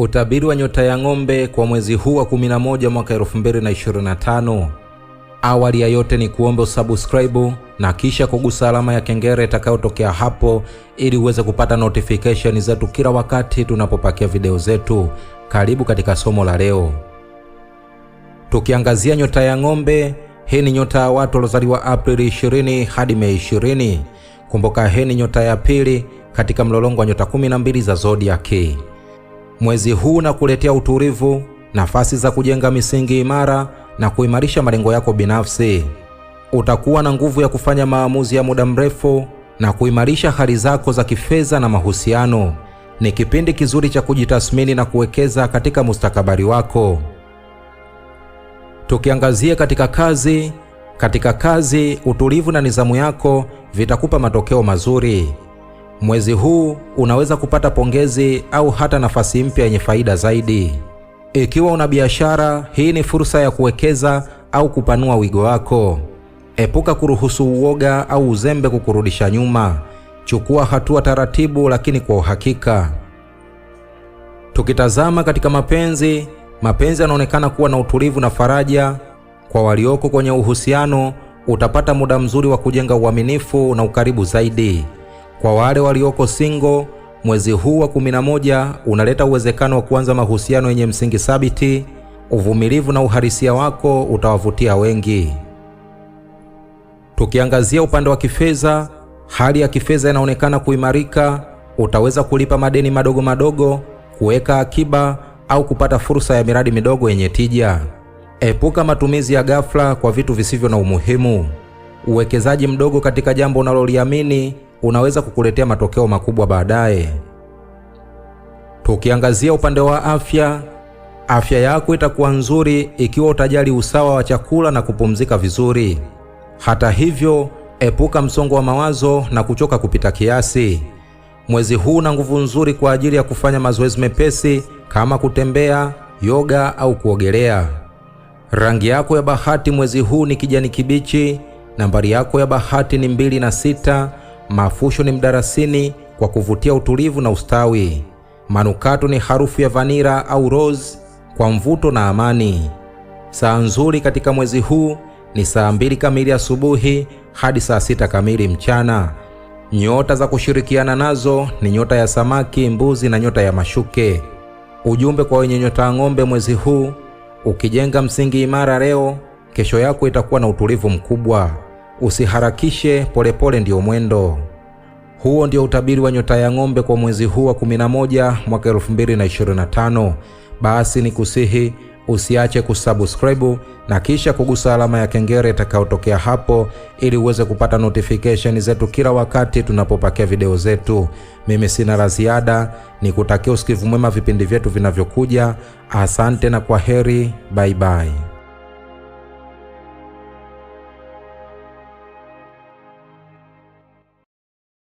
Utabiri wa nyota ya ng'ombe kwa mwezi huu wa 11 mwaka 2025. Awali ya yote ni kuombe usubscribe na kisha kugusa alama ya kengele itakayotokea hapo ili uweze kupata notification zetu kila wakati tunapopakia video zetu. Karibu katika somo la leo, tukiangazia nyota ya ng'ombe. Hii ni nyota ya watu waliozaliwa Aprili 20 hadi Mei 20. Kumbuka, hii ni nyota ya pili katika mlolongo wa nyota 12 za zodiaki. Mwezi huu na kuletea utulivu, nafasi za kujenga misingi imara na kuimarisha malengo yako binafsi. Utakuwa na nguvu ya kufanya maamuzi ya muda mrefu na kuimarisha hali zako za kifedha na mahusiano. Ni kipindi kizuri cha kujitathmini na kuwekeza katika mustakabali wako. Tukiangazia katika kazi, katika kazi utulivu na nidhamu yako vitakupa matokeo mazuri. Mwezi huu unaweza kupata pongezi au hata nafasi mpya yenye faida zaidi. Ikiwa una biashara, hii ni fursa ya kuwekeza au kupanua wigo wako. Epuka kuruhusu uoga au uzembe kukurudisha nyuma. Chukua hatua taratibu, lakini kwa uhakika. Tukitazama katika mapenzi, mapenzi yanaonekana kuwa na utulivu na faraja. Kwa walioko kwenye uhusiano, utapata muda mzuri wa kujenga uaminifu na ukaribu zaidi. Kwa wale walioko single, mwezi huu wa 11 unaleta uwezekano wa kuanza mahusiano yenye msingi thabiti. Uvumilivu na uhalisia wako utawavutia wengi. Tukiangazia upande wa kifedha, hali ya kifedha inaonekana kuimarika. Utaweza kulipa madeni madogo madogo, kuweka akiba au kupata fursa ya miradi midogo yenye tija. Epuka matumizi ya ghafla kwa vitu visivyo na umuhimu. Uwekezaji mdogo katika jambo unaloliamini unaweza kukuletea matokeo makubwa baadaye. Tukiangazia upande wa afya, afya yako itakuwa nzuri ikiwa utajali usawa wa chakula na kupumzika vizuri. Hata hivyo, epuka msongo wa mawazo na kuchoka kupita kiasi. Mwezi huu una nguvu nzuri kwa ajili ya kufanya mazoezi mepesi kama kutembea, yoga au kuogelea. Rangi yako ya bahati mwezi huu ni kijani kibichi. Nambari yako ya bahati ni mbili na sita. Mafusho ni mdarasini kwa kuvutia utulivu na ustawi. Manukato ni harufu ya vanira au rose kwa mvuto na amani. Saa nzuri katika mwezi huu ni saa mbili kamili asubuhi hadi saa sita kamili mchana. Nyota za kushirikiana nazo ni nyota ya samaki, mbuzi na nyota ya mashuke. Ujumbe kwa wenye nyota ya ng'ombe mwezi huu: ukijenga msingi imara leo, kesho yako itakuwa na utulivu mkubwa usiharakishe, polepole ndiyo mwendo. Huo ndio utabiri wa nyota ya ng'ombe kwa mwezi huu wa 11 mwaka 2025. Basi ni kusihi usiache kusubscribe na kisha kugusa alama ya kengele itakayotokea hapo, ili uweze kupata notification zetu kila wakati tunapopakia video zetu. Mimi sina la ziada, ni kutakia usikivu mwema vipindi vyetu vinavyokuja. Asante na kwa heri, bye bye.